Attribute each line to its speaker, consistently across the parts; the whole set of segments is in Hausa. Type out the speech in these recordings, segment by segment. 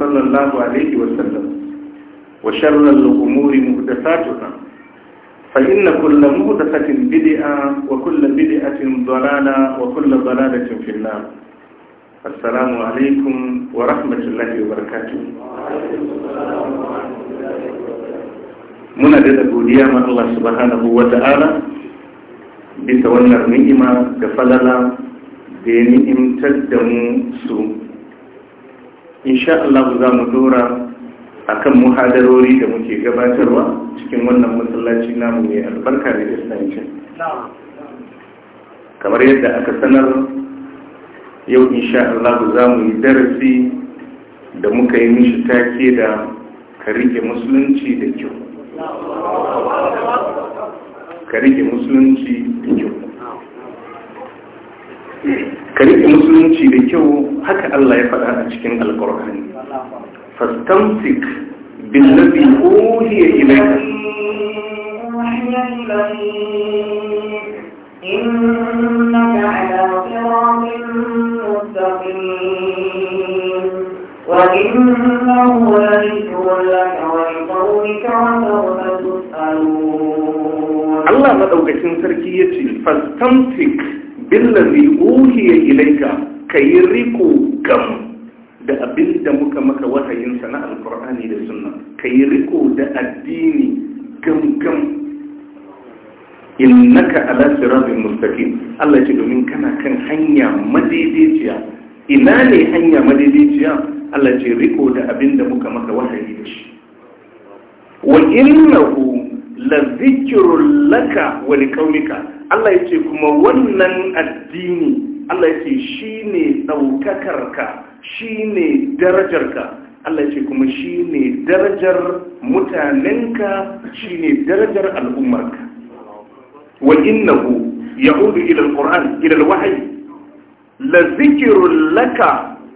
Speaker 1: صلى الله عليه وسلم وشر الأمور مهدفاتها فإن كل مهدفة بدئة وكل بدئة ضلالة وكل ضلالة في النار السلام عليكم ورحمة الله وبركاته muna da godiya ma Allah subhanahu wa ta'ala bisa wannan ni'ima da falala da ya ni'imtar da mu su insha Allah za mu dora akan muhadarori da muke gabatarwa cikin wannan masallaci namu mai albarka da islamici kamar yadda aka sanar yau insha Allah za mu yi darasi da muka yi mishi take da ka rike musulunci da kyau ka musulunci da kyau كريم المسلمين تشيكو هكا الله يفعلها تشيكين القرآن فاستمسك بالذي اوحي إليك
Speaker 2: إنك على صراط مستقيم وإنه لذكر لك ولقومك وسوف تسألون الله
Speaker 1: ما أوجدتم تركيتي فاستمسك billazi uhiya ilayka kayi riko gam da abin da muka maka wahayinsa na alqur'ani da sunna kayi riko da addini gam gam innaka ala siratin mustaqim Allah ya ce domin kana kan hanya madaidaiciya ina ne hanya madaidaiciya Allah ya ce riko da abin da muka maka wahayi da shi wa innahu la zikrun laka wa liqaumika Allah ya ce kuma wannan addini Allah ya ce shi ne ɗaukakarka shi ne darajarka Allah ya ce kuma shi ne darajar mutanenka shi ne darajar al'ummarka wa innahu ya'udu ila al-qur'an ila al la zikrun laka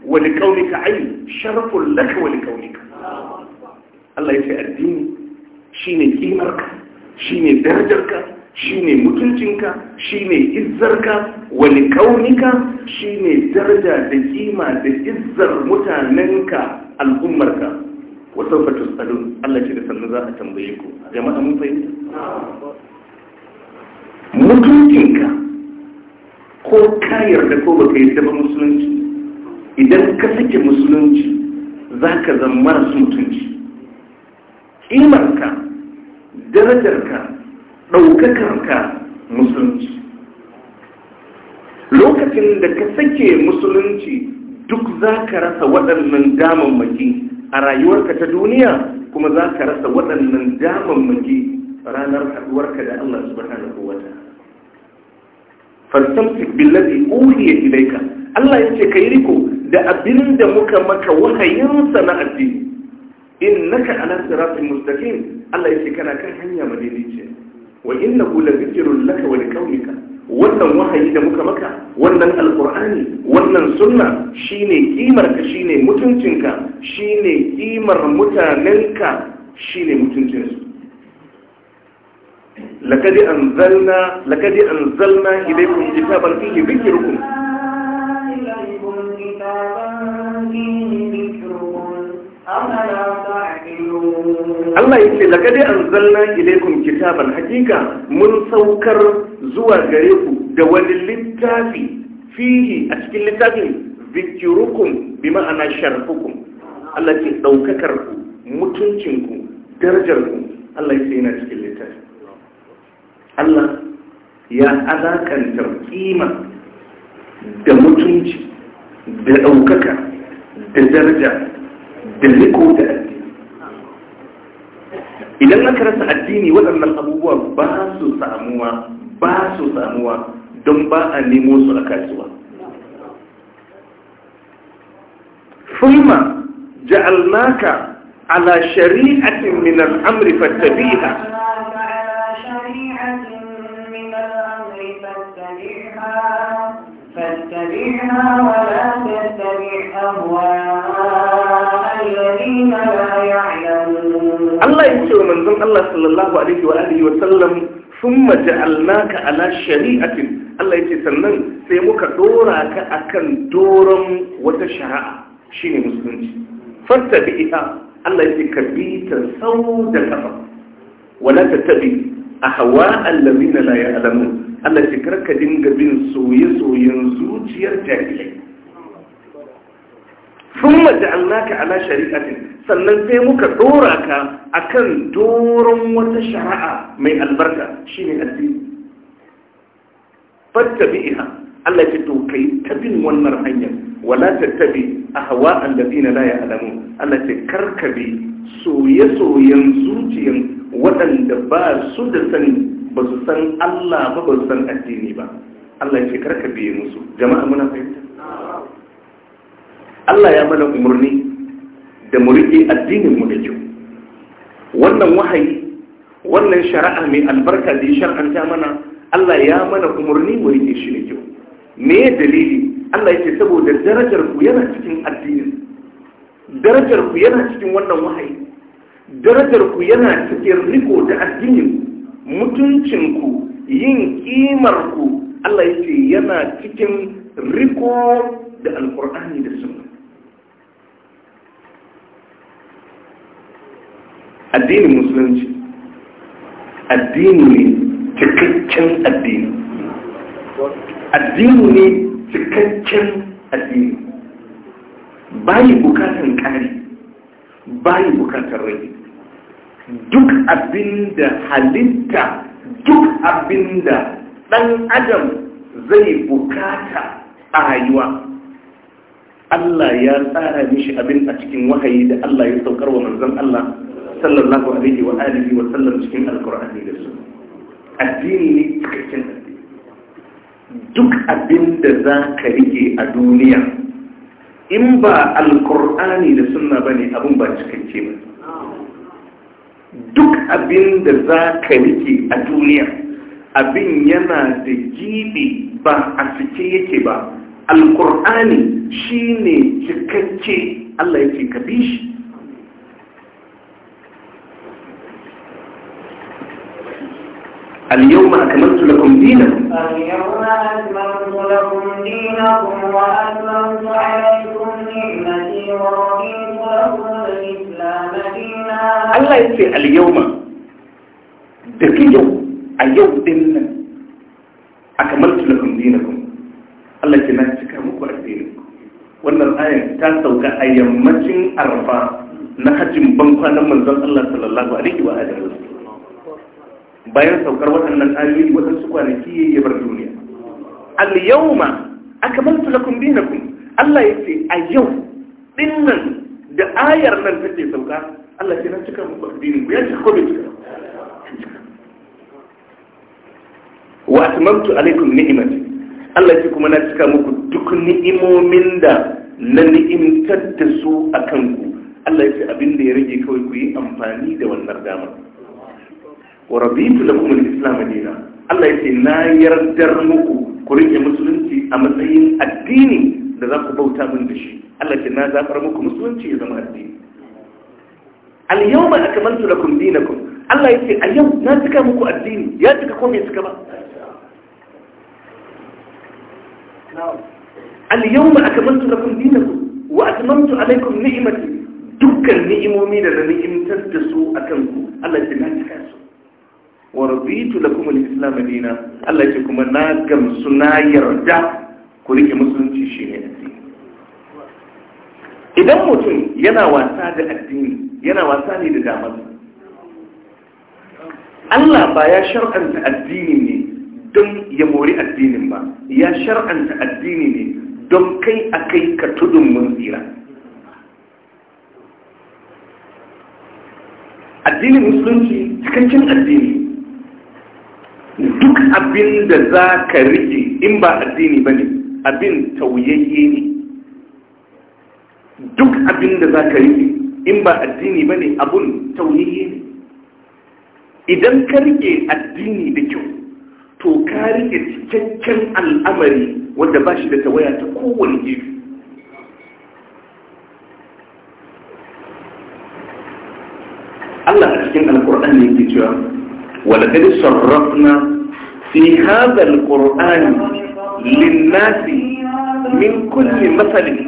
Speaker 1: wa liqawlika ayn sharafun laka wa liqawlika Allah ya ce addini shine shi ne darajarka shine mutuncinka shine izzarka wani kaunika shine daraja da kima da izzar mutanenka al'ummarka wasu fata tsalon Allah ce da sannu za a tambaye ku jama'a mun fahimta mutuncinka ko kayar da ko baka yi ba musulunci idan ka sake musulunci za ka zama marasu mutunci ƙimarka darajarka ɗaukakar ka musulunci lokacin da ka sake musulunci duk za ka rasa waɗannan damammaki a rayuwarka ta duniya kuma za ka rasa waɗannan damammaki ranar haɗuwarka da Allah bata na kowata fantastic billazi uhiya ilayka Allah ya ce ka yi riko da abin da muka maka wahayinsa na addini naka ala sirafin mustaqim Allah ya ce kana kan hanya madaidaici wa innahu la dhikrun laka wa liqaumika wannan wahayi da muka maka wannan alqur'ani wannan sunna shine kimar ka shine mutuncinka shine kimar mutanenka shine mutuncinsu لقد أنزلنا لقد أنزلنا إليكم كتابا فيه
Speaker 2: ذكركم Allah yake
Speaker 1: laqad anzalna ilaykum kitaban hakika mun saukar zuwa gare ku da wani littafi fihi a cikin littafin zikirukum bi ma'ana sharfukum Allah ke daukakar ku mutuncin ku darajar ku Allah yake yana cikin littafi Allah ya alakanta kima da mutunci da daukaka da daraja da riko da idan na karanta addini waɗannan abubuwa ba su samuwa ba su samuwa don ba a nemo su a kasuwa fulma ja'alnaka ala shari'atin min al'amri fattabiha
Speaker 2: فاتبعها ولا تتبع أهواء الذين لا يعلمون Allah ya ce
Speaker 1: wa manzon Allah sallallahu alaihi wa alihi wa sallam thumma ja'alnaka ala shari'atin Allah ya ce sannan sai muka dora ka akan doron wata shi ne musulunci bi fattabi'ha Allah ya ce ka bi ta sau da kafa wala tattabi ahwa allazina la ya'lamun Allah ya ce karka dinga bin soye-soyen zuciyar jahilai sun maja'alnaka ala shari'atin sannan sai muka dora ka akan doron wata shari'a mai albarka shine addini fattabi'iha Allah ya to kai tabin wannan hanyar wala tattabi ahwa alladhina la ya'lamun Allah ya karkabe soye-soyen zuciyan waɗanda ba su da sani ba su san Allah ba ba su san addini ba Allah ya karkabe musu jama'a muna fahimta Allah ya mana umarni da mu riƙe addinin mu da kyau wannan wahayi wannan shari'a mai albarka da ya shar'anta mana Allah ya mana umarni mu riƙe shi da kyau me dalili Allah yake saboda darajar ku yana cikin addinin darajar ku yana cikin wannan wahayi darajar ku yana cikin riko da addinin mutuncin ku yin kimar ku Allah yake yana cikin riko da alkur'ani da sunna addinin musulunci addini ne cikakken addini addini ne cikakken addini bayi bukatan kari bayi bukatan rage duk abinda halitta duk abinda ɗan adam zai bukata a rayuwa Allah ya tsara mishi abin a cikin wahayi da Allah ya saukar wa manzon Allah sallallahu alaihi wa alihi wa sallam cikin alkur'ani da su addini ne cikakken addini duk abin da za ka rike a duniya in ba alkur'ani da suna ba ne abin ba cikakke ba duk abin da za ka rike a duniya abin yana da jibi ba a cike yake ba alkur'ani shi ne cikakke allah ya ce ka bi shi
Speaker 2: اليوم أكملت لكم دينكم اليوم أكملت لكم دينكم وأكملت عليكم نعمتي ورضيت لكم الإسلام دينا الله يسي
Speaker 1: اليوم دكي يوم اليوم ديننا أكملت لكم دينكم الله يسي ناسك أمكم أدينكم wannan ayan ta sauka a yammacin arfa na hajjin bankwanan manzon Allah sallallahu alaihi wa alihi wasallam bayan saukar waɗannan ayoyi waɗansu kwanaki ya yi bar duniya al-yawma akmaltu lakum dinakum Allah ya ce a yau dinnan da ayar nan ta ce sauka Allah ya na cika muku addinin ku ya ce ko bai cika wa atmamtu alaikum ni'imati Allah ya ce kuma na cika muku duk ni'imomin da na ni'imtar da su a ku Allah ya ce abin da ya rage kawai ku yi amfani da wannan damar wa rabitu lakum al-islam Dina, Allah yace na yardar muku ku rike musulunci a matsayin addini da za ku bauta min da shi Allah yace na zafar muku musulunci ya zama addini al-yawma akmaltu lakum dinakum Allah yace a yau na cika muku addini ya cika ko bai cika ba al-yawma akmaltu lakum dinakum wa atmamtu alaykum ni'mati dukkan ni'imomi da na ni'imtar da su akan ku Allah ya cika su wa rabitu lakum al-islam dinan Allah ce kuma na gamsu na yarda ku rike musulunci shine ne idan mutum yana wasa da addini yana wasa ne da damar Allah ba ya shar'anta addini ne don ya mori addinin ba ya shar'anta addini ne don kai a kai ka tudun mun tsira addinin musulunci cikakken addini duk abin da za ka riƙe in ba addini ba ne abin tauyayye ne duk abin da za ka riƙe in ba addini ba ne abin tauyayye ne idan ka riƙe addini da kyau to ka riƙe cikakken al'amari wanda ba shi da tawaya ta kowane gefe Allah a cikin alƙur'an ne ke cewa ولقد صرفنا في هذا القرآن للناس
Speaker 2: من كل مثل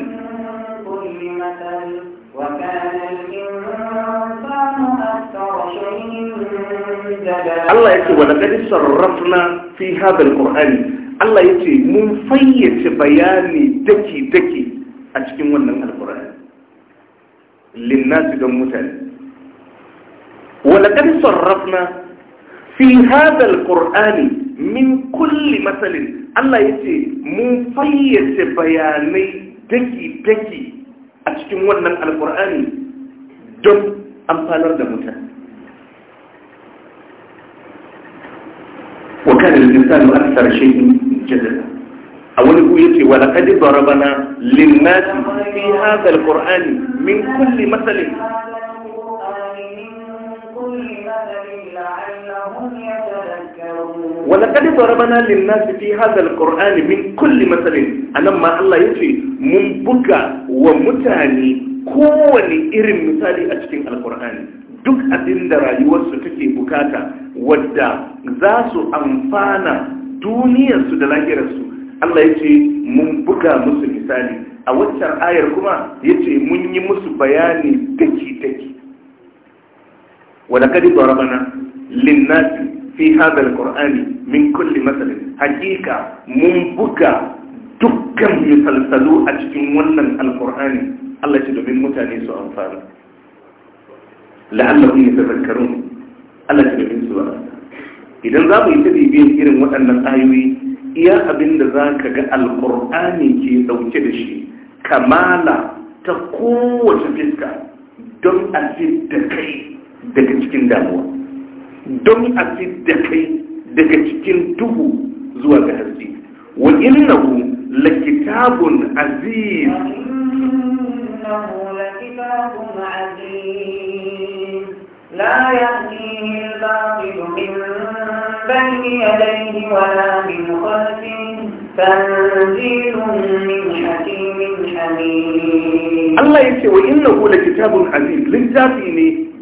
Speaker 2: الله يتي ولقد
Speaker 1: صرفنا في هذا القرآن الله يتي منفيت بياني دكي دكي أشكي من القرآن للناس دمتان ولقد صرفنا في هذا القرآن من كل مثل الله يتي مفيس بياني دكي دكي أتكلم عن القرآن دم أمثال دمته وكان الإنسان أكثر شيء جدلا أول يتي ولقد ضربنا للناس في هذا القرآن
Speaker 2: من كل مثل
Speaker 1: ولقد ضربنا للناس في هذا القرآن من كل Allah yace mun الله wa من بكى ومتاني كون إرم a أجتين القرآن duk abin da rayuwarsu take bukata wadda za su amfana duniyarsu da lahirarsu Allah ya ce mun buga musu misali a waccan ayar kuma ya ce mun yi musu bayani daki-daki wadda kadi bana linnati fi hadha alqur'ani min kulli mathal hakika mun buka dukkan yusalsalu a cikin wannan alqur'ani Allah ya dubi mutane su amfana la'allahum yatafakkarun Allah ya dubi su idan za mu yi ta irin waɗannan ayoyi iya abin da za ka ga alƙur'ani ke ɗauke da shi kamala ta kowace fiska don a da kai daga cikin damuwa دم a دقي دكتين daga زوا جهزي وإنه لكتاب عزيز
Speaker 2: wa لكتاب عزيز لا يأتيه الباطل من بين يديه ولا من خلفه تنزيل من حكيم حميد الله يكي وإنه
Speaker 1: لكتاب عزيز للتافي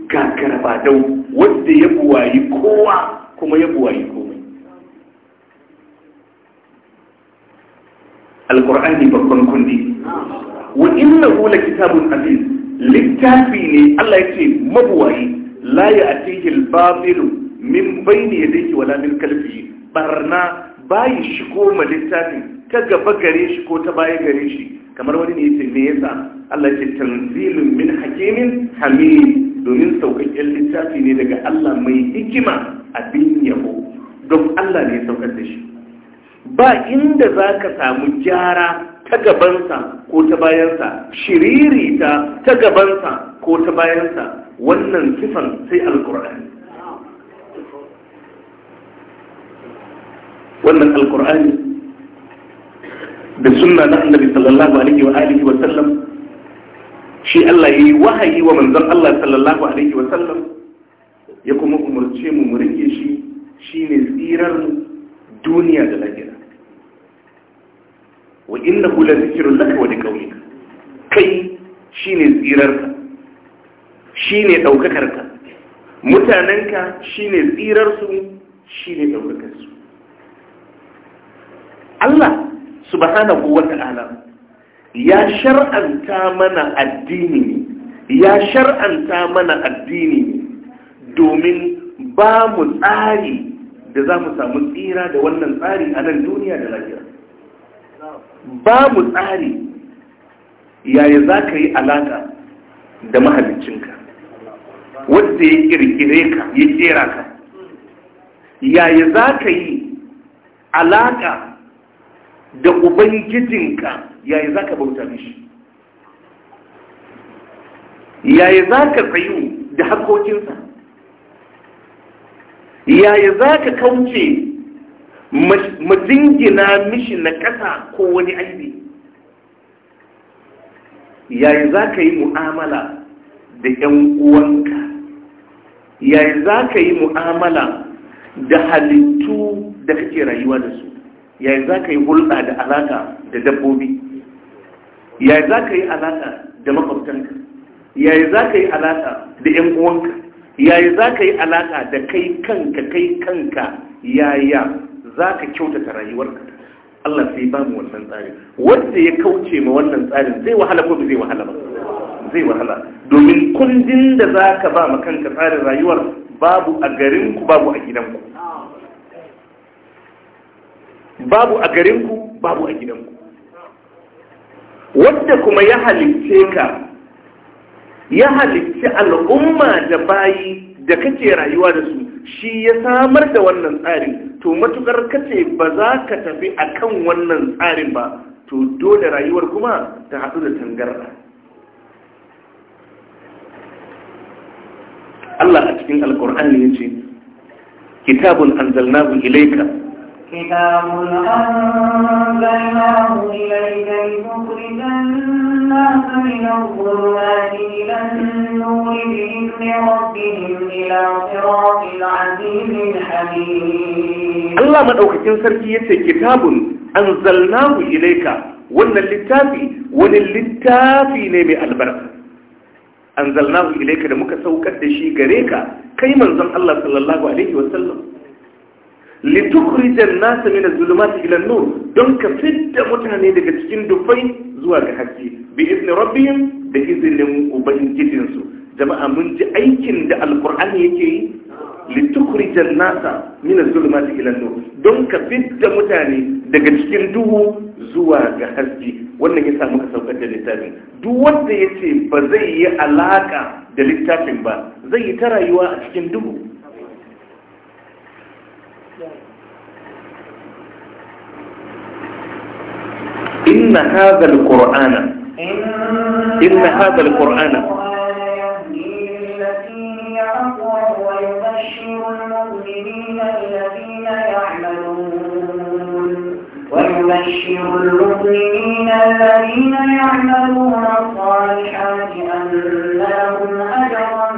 Speaker 1: kakar ba dau wanda ya buwayi kowa kuma ya buwayi komai alkur'ani babban kundi wa innahu kitabun aziz littafi ne Allah yake mabuwayi la ya'tihi al-babilu min bayni yadayhi wala min kalbihi barna bayi shigo ma littafi, ta gaba gare shi ko ta baya gare shi kamar wani ne yace me yasa Allah yace tanzilun min hakimin hamid domin saukakken littafi ne daga Allah mai hikima a bin yabo don Allah ne saukar da shi ba inda za ka samu gyara ta gabansa ko ta bayansa shiriri ta ta gabansa ko ta bayansa wannan kifan sai alkur'ani wannan alkur'ani da sunna na annabi sallallahu alaihi wa alihi wa sallam shi Allah ya yi wahayi wa manzon Allah sallallahu alaihi wa sallam ya kuma umarce mu mu rike shi shine tsirar duniya da lahira wa innahu la zikrun laka wa liqawmika kai shine tsirarka shine daukakarka mutanenka shine tsirarsu shine daukakarsu Allah subhanahu wa ta'ala ya shar'anta mana addini ne. ya shar'anta mana addini ne. domin ba mu tsari da za mu samu tsira da wannan tsari a nan duniya da lafiya ba mu tsari yaya za ka yi alaƙa da mahalicinka wadda ya kirkire ka ya tsira ka yaya za ka yi alaƙa da ubangijinka yayi za bauta mishi yayi za tsayu da hakokinsa yayi za ka kauce majingina mishi na ƙasa ko wani aibi yayi za ka yi mu'amala da 'yan uwanka yayi za yi mu'amala da halittu da kake rayuwa da su yayi za yi hulɗa da alaka da dabbobi yayi za ka yi alaƙa da makwabtanka yayi za ka yi alaƙa da 'yan uwanka yayi za ka yi alaƙa da kai kanka kai kanka yaya za ka kyautata rayuwarka Allah sai ba mu wannan tsarin wanda ya kauce ma wannan tsarin zai wahala ko zai wahala ba zai wahala domin kundin da za ka ba ma kanka tsarin rayuwar babu a garinku babu a gidanku babu a garinku babu a gidanku wadda kuma ya halitce ka ya halicci al'umma da bayi da kake rayuwa da su shi ya samar da wannan tsarin to matukar kace ba za ka tafi a kan wannan tsarin ba to dole rayuwar kuma ta haɗu da tangarda Allah a cikin alkur'ani ya ce kitabun anzalnahu ilaika.
Speaker 2: كتاب أنزلناه إليك لتخرج الناس من الظلمات إلى النور بإذن ربهم إلى صراط العزيز الحميد الله من
Speaker 1: أوكتين سركية كتاب أنزلناه إليك wannan littafi wani littafi ne mai albarka an zalna ilaika da muka saukar da shi gare ka kai manzon Allah sallallahu alaihi wasallam litukhrijan nas min az-zulumati ila an-nur don ka fitta mutane daga cikin dufai zuwa ga haske bi izni rabbihim da izinin ubangijin su jama'a mun ji aikin da alqur'ani yake yi litukhrijan nas min az-zulumati ila an-nur don ka fitta mutane daga cikin duhu zuwa ga haske wannan yasa muka saukar da littafin duk wanda yace ba zai yi alaka da littafin ba zai yi ta rayuwa a cikin duhu إن هذا القرآن
Speaker 2: إن هذا القرآن ويبشر المؤمنين الذين يعملون ويبشر المؤمنين الذين يعملون الصالحات أن لهم أجرا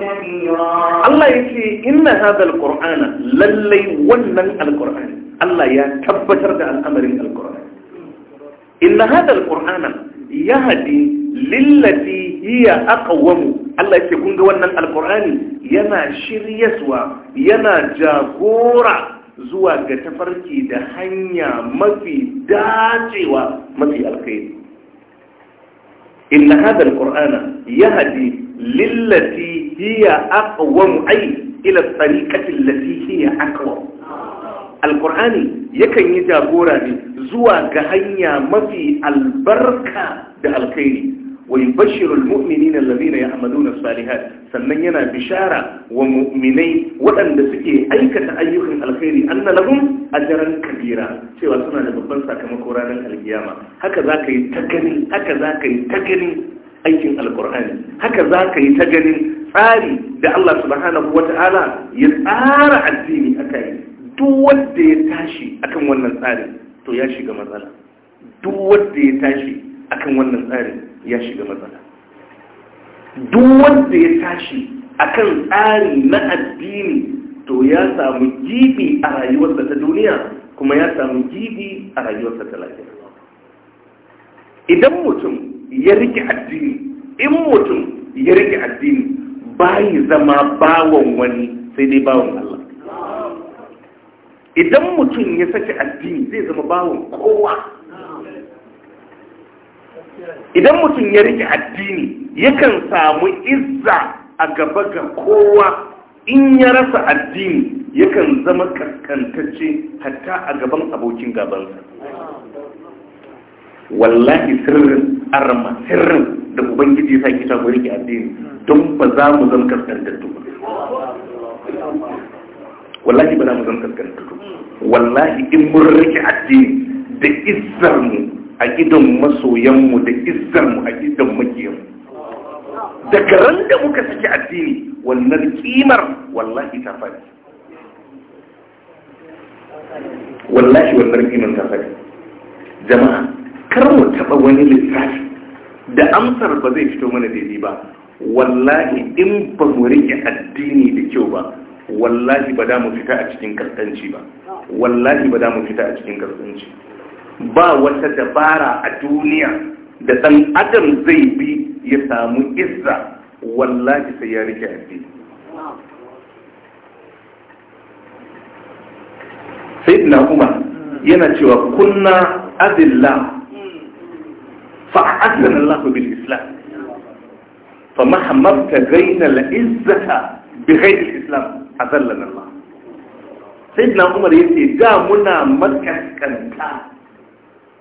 Speaker 2: كبيرا الله يكي إن
Speaker 1: هذا القرآن للي ونن القرآن الله يكبتر الأمر القرآن inna hadal qur'ana yahdi lillati hiya aqwamu Allah yake kun wannan alqur'ani yana shiryaswa yana jagora zuwa ga tafarki da hanya mafi dacewa mafi alkhairi inna hadha alqur'ana yahdi lillati hiya aqwamu ay ila tariqati allati hiya aqwamu alkur'ani yakan yi jagora ne zuwa ga hanya mafi albarka da alkhairi wai bashirul mu'minina allazina ya'maluna salihat sannan yana bishara wa mu'minai waɗanda suke aikata ayyukan alkhairi anna a daren kabira cewa suna da babban sakamako ranar alkiyama haka ka yi ta ganin, haka ka yi ta ganin, aikin alkur'ani haka zaka yi ta ganin tsari da Allah subhanahu wata'ala ya tsara addini kai. duk wanda ya tashi akan wannan tsarin to ya shiga matsala duk wanda ya tashi akan wannan tsarin ya shiga matsala duk wanda ya tashi akan tsari na addini to ya samu gibi a rayuwarsa ta duniya kuma ya samu gibi a rayuwarsa ta lafiya idan mutum ya rike addini in mutum ya rike addini bayi zama bawan wani sai dai bawan Allah idan mutum ya saki addini zai zama bawon kowa idan mutum ya rike addini yakan samu izza a gaba ga kowa in ya rasa addini yakan zama kaskantacce hatta a gaban abokin gabansa wallahi sirrin arma sirrin da ubangiji sa kita ku rike addini don ba za mu zama kaskantattu wallahi ba za mu zama kaskantattu wallahi in mun rike addini da izzar mu a gidan masoyan mu da izzar mu a gidan makiyan mu daga da muka saki addini wannan kimar wallahi ta fadi wallahi wannan kimar ta fadi jama'a kar mu taɓa wani lissafi da amsar ba zai fito mana daidai ba wallahi in ba mu rike addini da kyau ba wallahi ba da mu fita a cikin kaskanci ba wallahi ba da mu fita a cikin kaskanci ba wata dabara a duniya da ɗan adam zai bi ya samu izza wallahi sai ya rike addini sayyidina umar yana cewa kunna adilla fa'azana Allah bil islam fa mahammabta gaina la izzata bi ghairi islam a sallan Allah sai na umar ya ce da muna makaskanta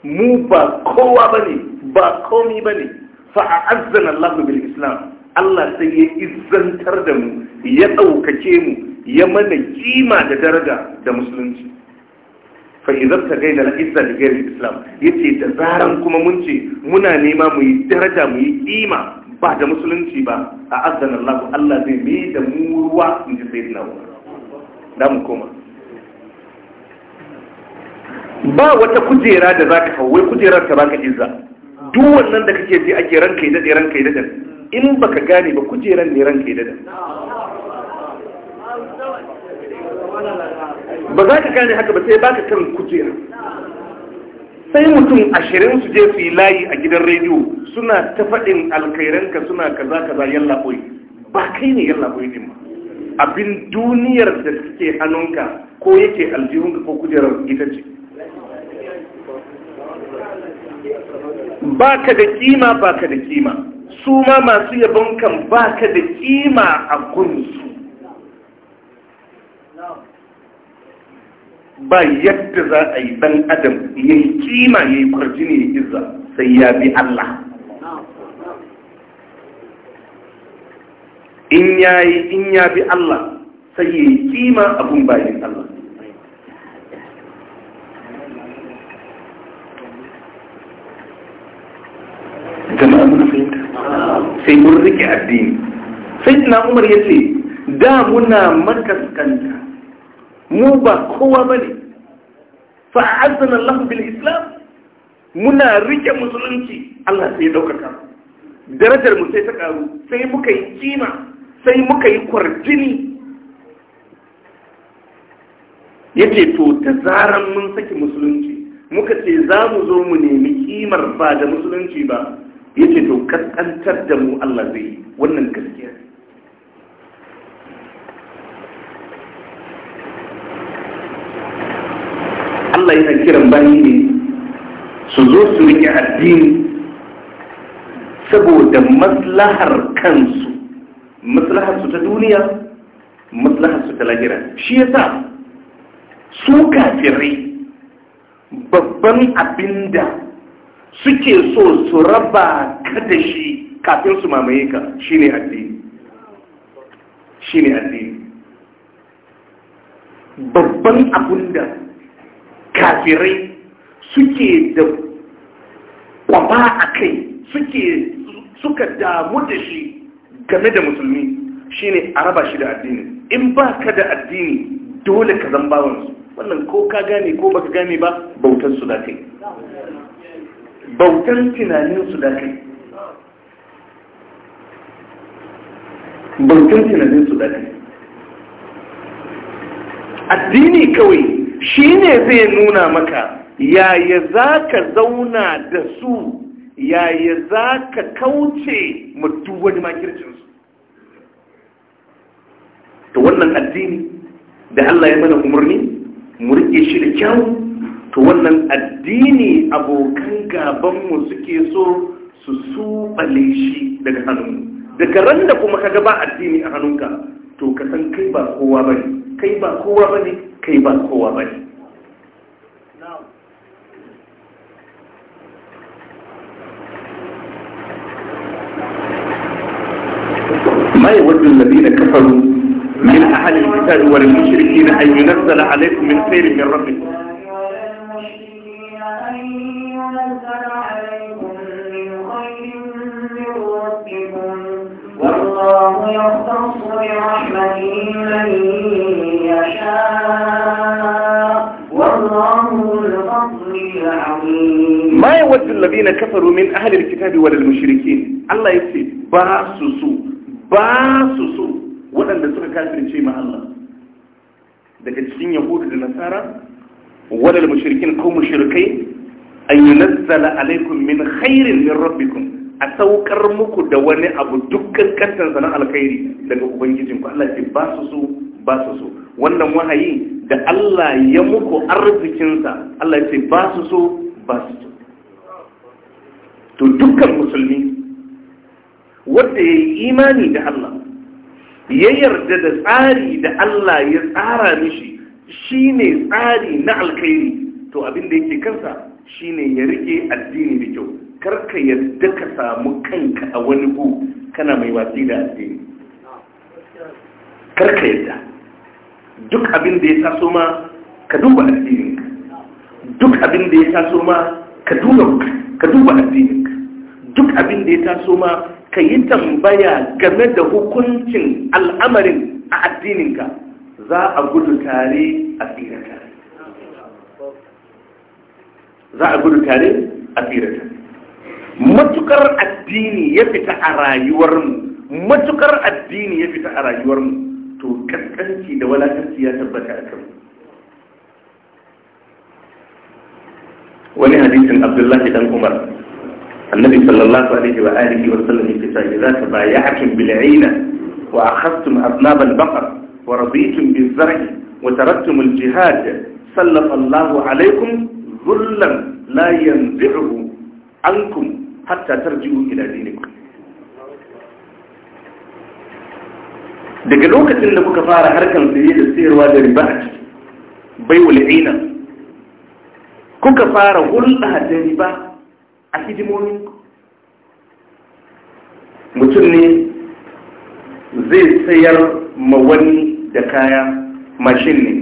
Speaker 1: mu ba kowa ba ne ba komi ba ne fa'azzan Allah bil islam Allah sai ya izantar da mu ya ɗaukake mu ya mana kima da daraja da musulunci fa'izar ta gaida al'izza da gairar islam ya ce da zaran kuma mun ce muna nema mu yi daraja mu yi kima ba da musulunci ba a azan Allah Allah zai mai da mu ruwa in ji sai na da mu koma ba wata kujera da za ka hauwai kujerar ta ba ka izza duk wannan da kake ji ake ranka idan daɗe ranka da daɗe in baka gane ba kujerar ne ranka yi daɗe ba za ka gane haka ba sai baka kan kujera sai mutum ashirin su je su yi layi a gidan rediyo suna ta faɗin alkairanka suna kaza kaza yalla boy ba kai ne yalla boy din ba abin duniyar da suke hannunka ko yake ka ko kujerar ita ce ba ka da kima ba ka da kima su ma masu yabon kan ba ka da kima a gunsu ba yadda za a yi dan adam ya yi kima ya yi kwarji ne izza sai ya bi Allah in ya yi in ya bi Allah sai ya yi kima abun bayan Allah jama'a muna fahimta sai mun rike addini sai na umar ya ce da muna makaskanta mu ba kowa ba ne azana Allah bil islam muna rike musulunci Allah sai ya ɗaukaka darajar mu sai ta karu sai muka yi kima sai muka yi kwarjini ya to ta zaran mun saki musulunci muka ce za mu zo mu nemi kimar ba da musulunci ba ya to kaskantar da mu Allah zai wannan gaskiya Allah yana kiran bani ne su zo su riƙe addini saboda maslahar kansu maslahar su ta duniya maslahar su ta lahira shi yasa su kafirai babban abinda suke so su raba ka da shi kafin su mamaye ka shine addini shine addini babban abinda kafirai suke da kwaba a kai suke suka damu da shi game da musulmi shine a raba shi da addini in ba ka da addini dole ka zan bawansu wannan ko ka gane ko ba ka gane ba bautan su da kai bautan tunanin su da kai bautan tunanin su da kai addini kawai shi ne zai nuna maka yaya za ka zauna da su yaya za ka kauce mutu wani makircinsu to wannan addini da Allah ya mana umarni mu shi da kyau to wannan addini abokan gabanmu suke so su suɓale shi daga hannun daga ran da kuma ka ba addini a hannunka to ka san kai ba kowa bane kai ba kowa ba ne kai ba kowa ba ne ما يود الذين كفروا من أهل الكتاب والمشركين أن ينزل عليكم من خير من ربكم
Speaker 2: والله يختص برحمته من
Speaker 1: wadda labina kafaru min ahalil kitabi wa lil mushrikin Allah yace ba su su ba su su waɗanda suka kafirce ma Allah daga cikin yahudu da nasara wa lil mushrikin ko mushrikai an yunazzala alaikum min khairin min rabbikum a saukar muku da wani abu dukkan kasan na alkhairi daga ubangijinku Allah ya ba su su ba su su wannan wahayi da Allah ya muku arzikinsa Allah ya ce ba su su ba su su. to dukkan musulmi wanda ya yi imani da Allah ya yarda da tsari da Allah ya tsara mishi shi ne tsari na alkhairi to abin da yake kansa shi ne ya rike addini da kyau karka yadda ka samu kanka a wani bu kana mai watsi da addini karka yadda duk abin da ya taso ma ka duba addinin duk abin da ya taso ma ka duba addinin duk abin da ya taso ma ka yi tambaya game da hukuncin al'amarin a addininka za a gudu tare a tsira tare za a gudu tare a tsira matukar addini ya fita a rayuwarmu matukar addini ya fita a rayuwarmu to kaskanci da walakanci ya tabbata a kanmu wani hadisin abdullahi dan umar annabi sallallahu alaihi wa alihi wa sallam yake cewa idza tabayatum bil ayna wa akhadtum asnab al baqar wa raditum biz zar'i wa taraktum al jihad sallafa Allahu alaikum dhullan la hatta daga lokacin da kuka fara harkar saye da sayarwa da riba a ciki bai wul'ina kuka fara hulɗa da riba a hidimomi mutum ne zai sayar ma wani da kaya mashin ne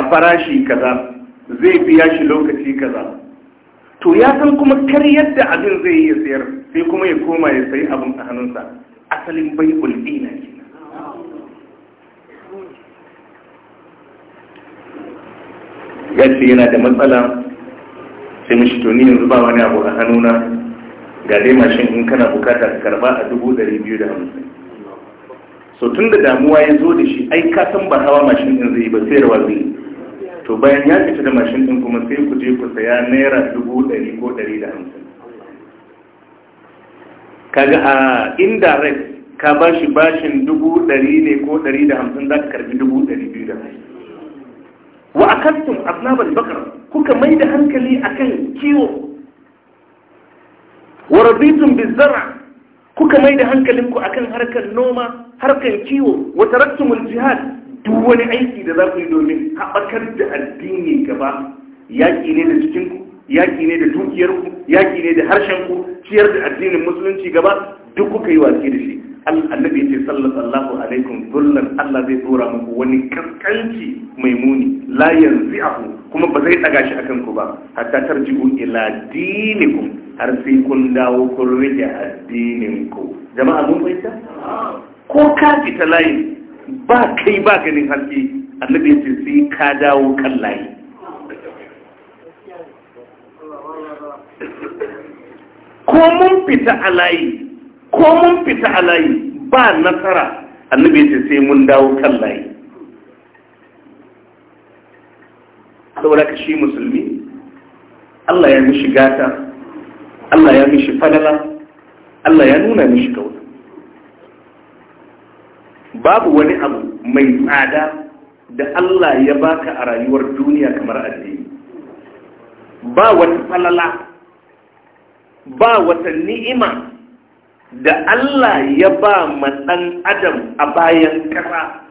Speaker 1: a farashi kaza zai biya shi lokaci kaza to ya san kuma kar yadda abin zai yi sayar sai kuma ya koma ya sayi abin a hannunsa asalin bai ulɗina ke ya yana da matsala sai mishi to ni yanzu ba wani abu a hannuna ga dai mashin in kana bukata ka karba a dubu dari biyu da hamsin so tun da damuwa ya zo da shi ai ka san ba hawa mashin ɗin zai ba sayarwa zai to bayan ya fita da mashin ɗin kuma sai ku je ku saya naira dubu ɗari ko ɗari da hamsin kaga a indirect ka bashi bashin dubu ɗari ne ko ɗari da hamsin za ka karbi dubu ɗari biyu da hamsin wa akaltum asnabal bakar kuka mai da hankali kan kiwo wa rabitum bizara kuka mai da hankalinku akan harkar noma harkar kiwo wa taraktumul jihad duk wani aiki da za ku yi domin haɓakar da addini gaba yaƙi ne da cikinku yaƙi ne da dukiyarku yaƙi ne da harshenku ciyar da addinin musulunci gaba duk kuka yi watsi da shi annabi ce sallallahu alaikum zullan Allah zai tsora muku wani kaskanci mai muni layan yanzi'ahu kuma ba zai daga shi akan ku ba hatta tarji'u ila dinikum har sai kun dawo kun rike addinin ku jama'a mun fahimta ko ka fita layi ba kai ba ganin haske annabi ce sai ka dawo kan layi ko mun fita a layi ko mun fita a layi ba nasara annabi ya ce sai mun dawo kan layi saboda ka shi musulmi Allah ya mishi gata Allah ya mishi fadala Allah ya nuna mishi kauna babu wani abu mai tsada da Allah ya baka a rayuwar duniya kamar addini ba wata falala ba wata ni'ima da Allah ya ba ma ɗan adam a bayan kasa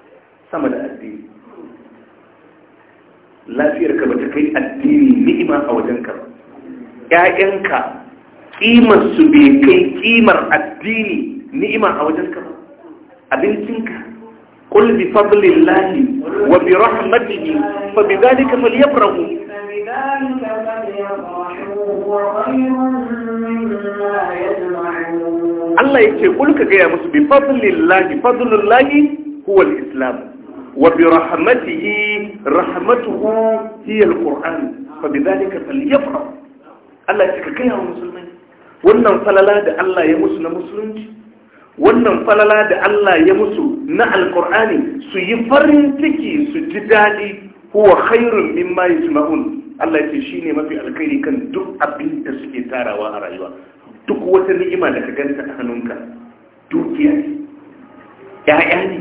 Speaker 1: sama da addini lafiyar ka bata kai addini ni'ima a wajen ka ƴaƴanka kimar su bai kai kimar addini ni'ima a wajen ka abincinka qul bi fadlillahi wa bi rahmatihi
Speaker 2: bi فبذلك فليفرحوا وخير مما يجمعون Allah yake
Speaker 1: kulka gaya musu bi fadlillahi fadlullahi huwa al-islam wa bi rahmatihi rahmatuhu hiya al fa bidhalika falyafrahu Allah yake ka musulmai wannan falala da Allah ya musu na musulunci wannan falala da Allah ya musu na alkur'ani su yi farin ciki su ji daɗi huwa khairun mimma yasma'un Allah ce shine mafi alkhairi kan duk abin da suke tarawa a rayuwa duk wata ni'ima da ka ganta a hannunka dukiya ne ‘ya'ya ne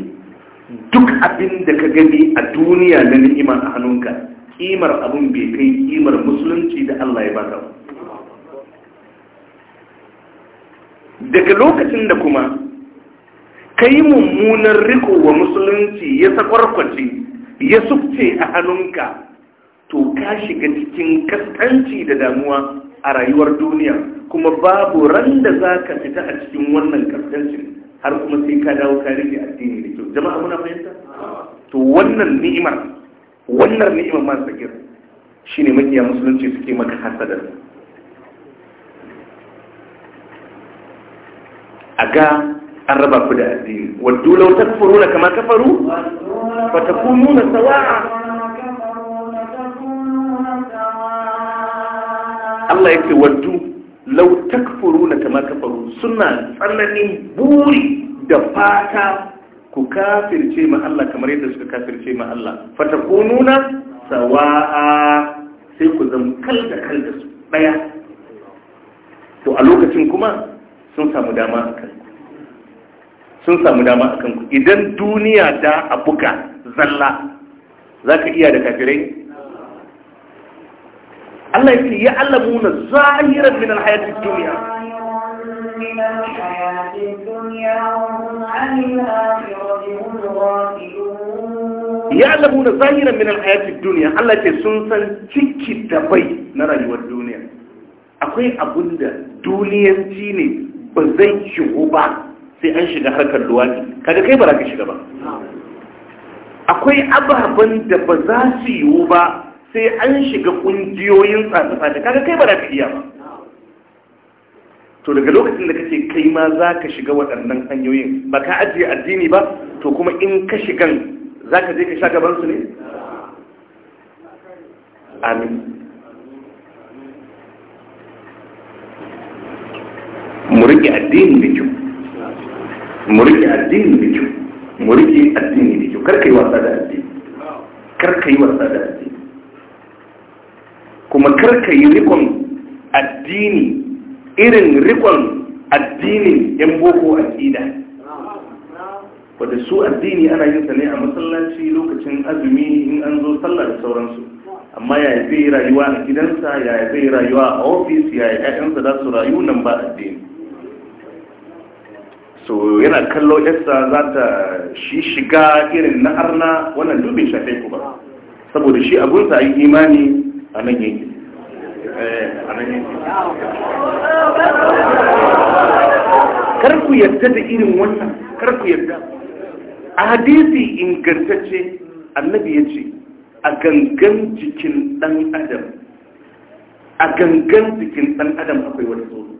Speaker 1: duk abin da ka gani a duniya na ni'ima a hannunka kimar abin bai kai kimar musulunci da Allah ya baka daga lokacin da kuma ka yi mummunan riko wa musulunci ya sakwarkwace ya sufce a hannunka to ka shiga cikin kaskanci da damuwa a rayuwar duniya kuma babu ran da za ka fita a cikin wannan kaskancin har kuma sai ka dawo ka rike addini da kyau jama'a muna fahimta to wannan ni'imar wannan ni'imar ma sakir shine makiya musulunci suke maka hasada. a ga an raba ku da addini waddu law takfuruna kama kafaru fatakununa sawa'a
Speaker 2: Allah yake waddu
Speaker 1: lau takfuruna kama kafaru suna tsananin buri da fata ku kafirce ma Allah kamar yadda suka kafirce ma Allah kununa sawa'a sai ku zama kal da su daya to a lokacin kuma sun samu dama akan sun samu dama akan ku idan duniya da abuka zalla zaka iya da kafirai Allah ya yake ya alamuna zahirar minan alhayatid duniya. ya alamuna zahirar minan alhayatid duniya. Allah yake sun san ciki da bai na rayuwar duniya akwai abinda duniyanci ne ba zai shigo ba sai an shiga harkar luwaki kaga kai ba za ka shiga ba akwai ababen da ba za su yiwu ba sai an shiga kungiyoyin tsantsanin kaga kai ba za ka iya ba to daga lokacin da kace kai ma za ka shiga waɗannan hanyoyin ba ka ajiye addini ba to kuma in ka shigan za ka je ka sha gabansu ne? amin mu riƙe addini da kyau mu riƙe addini da kyau mu riƙe addini da kyau karka yi wasa da addini karka yi wasa da addini kuma karka yi rikon addini irin rikon addinin yan boko aƙida wadda su addini ana yin sa ne a masallaci lokacin azumi in an zo sallah da sauransu amma yaya zai rayuwa a gidansa yaya zai rayuwa a ofis yaya ƴaƴansa za su rayu nan ba addini so yana kallo yasa za ta shi shiga irin na arna wannan dubin shafai ku ba saboda shi abunsa a yi imani a nan yankin
Speaker 2: kar ku yarda
Speaker 1: da irin wannan kar ku yarda a hadisi ingantacce annabi ya ce a gangan jikin ɗan adam a gangan jikin ɗan adam akwai wani tsoro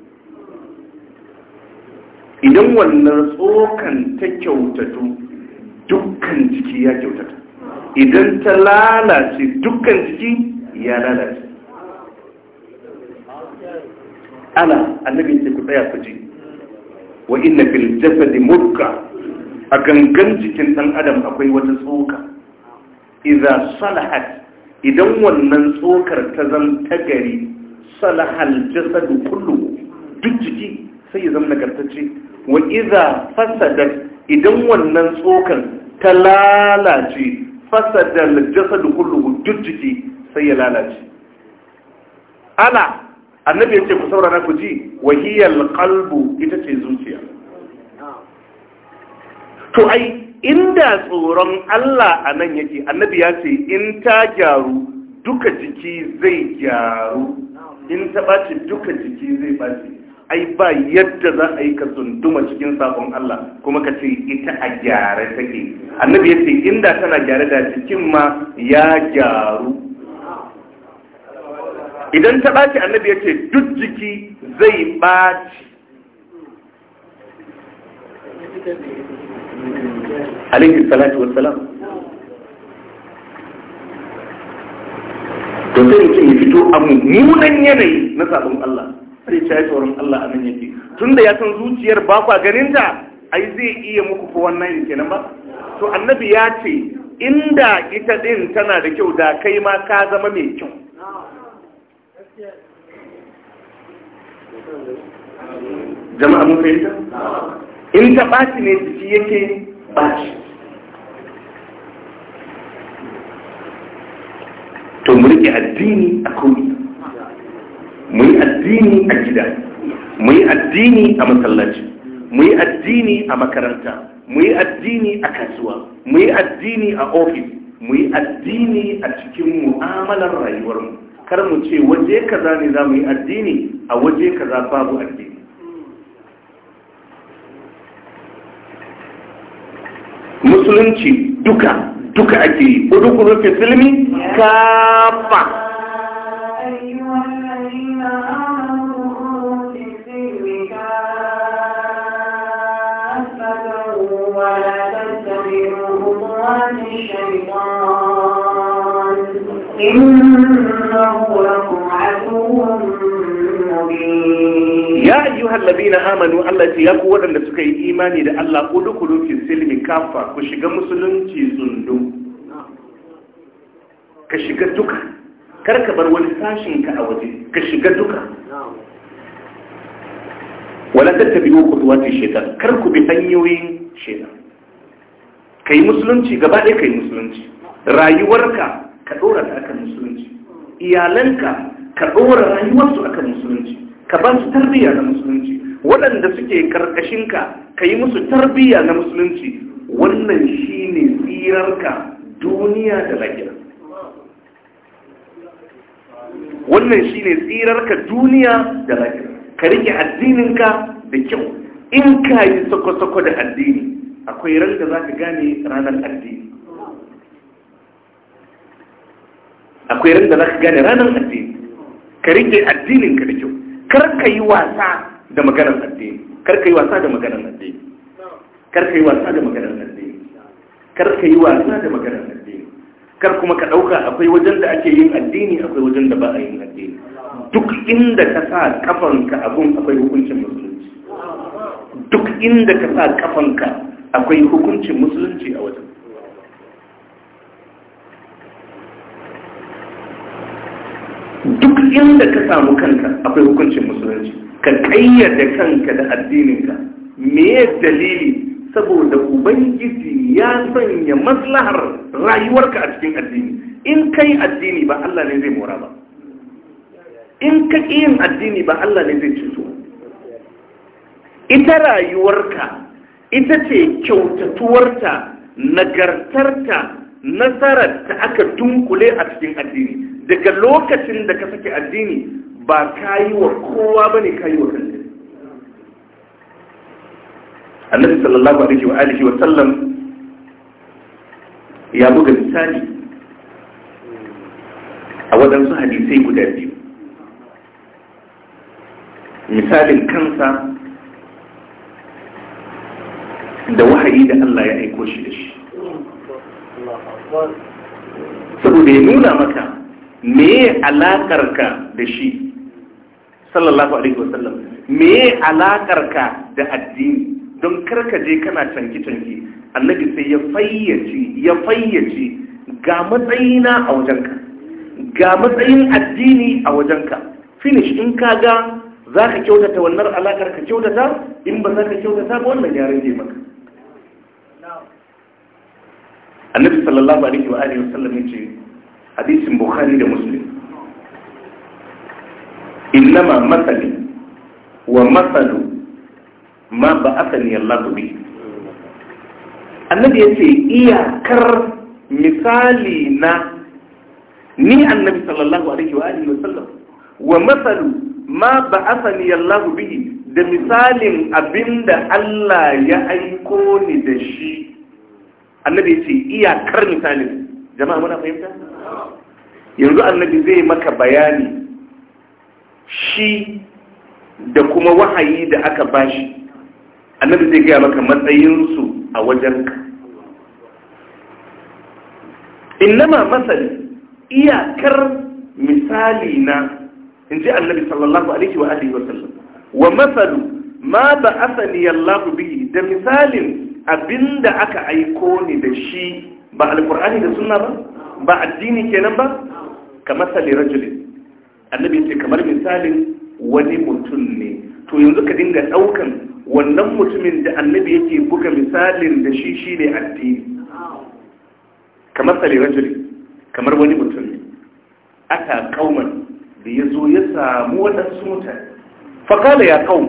Speaker 1: idan wannan tsokan ta kyautatu dukkan jiki ya kyautata idan ta lalace dukkan jiki ya lalace ana annabi ce ku tsaya ku wa inna fil jasadi mudka a gangan jikin dan adam akwai wata tsoka idza salahat idan wannan tsokar ta zan ta gari salahal jasadu kullu duk jiki sai ya zama nagartacce wa idza fasadat idan wannan tsokar ta lalace fasadal jasadu kullu duk jiki sai ya lalace ana annabi ya ce ku saurara ku ji wahiyar kalbu ita ce zuciya to ai inda tsoron Allah a nan yake annabi ya ce in ta gyaru duka jiki zai gyaru in ta ɓaci duka jiki zai ɓaci ai ba yadda za a yi ka tsunduma cikin sabon Allah kuma ka ce ita a gyara take annabi ya ce inda tana gyara da cikin ma ya gyaru idan ta ɓaci annabi ya ce duk jiki zai ɓaci alaihi salatu salam to sai mutum ya fito a mummunan yanayi na sabon Allah sai ya yi tsoron Allah a nan yake tun da ya san zuciyar ba kwa ganin ta, ai zai iya muku ko wannan nan ba to annabi ya ce inda ita din tana da kyau da kai ma ka zama mai kyau jama'a mun fahimta in ta ɓaci ne jiki yake ɓaci to mu rike addini a koyi mu yi addini a gida mu yi addini a masallaci mu yi addini a makaranta mu yi addini a kasuwa mu yi addini a ofis mu yi addini a cikin mu'amalar rayuwarmu kar mu ce waje kaza ne za mu yi addini a waje kaza babu addini musulunci duka duka ake yi udukuru fi silmi
Speaker 2: Mm-hmm. ya
Speaker 1: yi halabi na amanu Allah ce ya kuwa waɗanda suka yi imani da Allah ko duk rufin silmi kafa ku shiga musulunci zundu ka shiga duka karka bar wani sashen ka a waje ka shiga duka Wani ta tabi ku kuwa ta shekar kar ku bi hanyoyin shekar ka yi musulunci gaba ɗaya ka yi musulunci rayuwarka ka ɗora ta akan musulunci iyalanka ka ɗora rayuwarsu akan musulunci ka ba su tarbiyya na musulunci waɗanda suke karkashinka ka yi musu tarbiyya na musulunci wannan shi ne tsirarka duniya da lahira wannan shi ne tsirarka duniya da lahira ka rike addininka da kyau in ka yi sako-sako da addini akwai ran da za ka gane ranar addini akwai randa za ka gane ranar addini ka rike addinin ka da kyau kar ka yi wasa da maganar addini kar ka yi wasa da maganar addini kar ka yi wasa da maganar addini kar ka yi wasa da maganar addini kar kuma ka ɗauka akwai wajen da ake yin addini akwai wajen da ba a yin addini duk inda ka sa kafanka abun akwai hukuncin musulunci duk inda ka sa kafanka akwai hukuncin musulunci a wajen duk inda ka samu kanka akwai hukuncin musulunci ka kayyade kanka da addininka me ya dalili saboda ubangiji ya sanya maslahar rayuwarka a cikin addini in kai addini ba Allah ne zai mora ba in ka yin addini ba Allah ne zai cuto ita rayuwarka ita ce kyautatuwarta nagartarta nasararta aka dunkule a cikin addini daga lokacin da ka sake addini ba kayi wa kowa ba bane kayi wa kanta annabi sallallahu alaihi wa alihi wa sallam ya buga misali a wadansu hadisai guda biyu misalin kansa da wahayi da Allah ya aiko shi da shi saboda ya nuna maka me alakarka da shi sallallahu alaihi wasallam me alakarka da addini don karka je kana canki-canki annabi sai ya fayyace ya fayyace ga matsayina a wajenka ga matsayin addini a wajenka finish in ka ga za ka kyautata wannan alakar ka kyautata in ba za ka kyautata ba wannan yaren ne maka annabi sallallahu alaihi wa alihi wasallam ya ce hadisin bukhari da muslim innama matsali wa matsalu ma ba asali Allah bi annabi ya ce iyakar misali na ni annabi sallallahu alaihi wa alihi wa sallam wa matsalu ma ba asali Allah bi da misalin abinda Allah ya aiko ni da shi annabi ya ce iyakar misalin jama'a muna fahimta yanzu annabi zai maka bayani
Speaker 3: shi
Speaker 1: da kuma wahayi da aka bashi annabi zai gaya maka matsayinsu a wajenka innama masali iyakar misali na in ji annabi sallallahu alaihi wa alihi wasallam wa masalu ma ba asali yallahu bihi da misalin abinda aka aiko ni da shi ba Alƙur'ani da sunna ba ba addini kenan ba kamar sali rajulin annabi ce kamar misalin wani mutum ne to yanzu ka dinga ɗaukan wannan mutumin da annabi yake buga misalin da shi shi ne addini kamar sali rajulin kamar wani mutum ne aka kauman da ya zo ya samu waɗansu mutane fakala ya kaun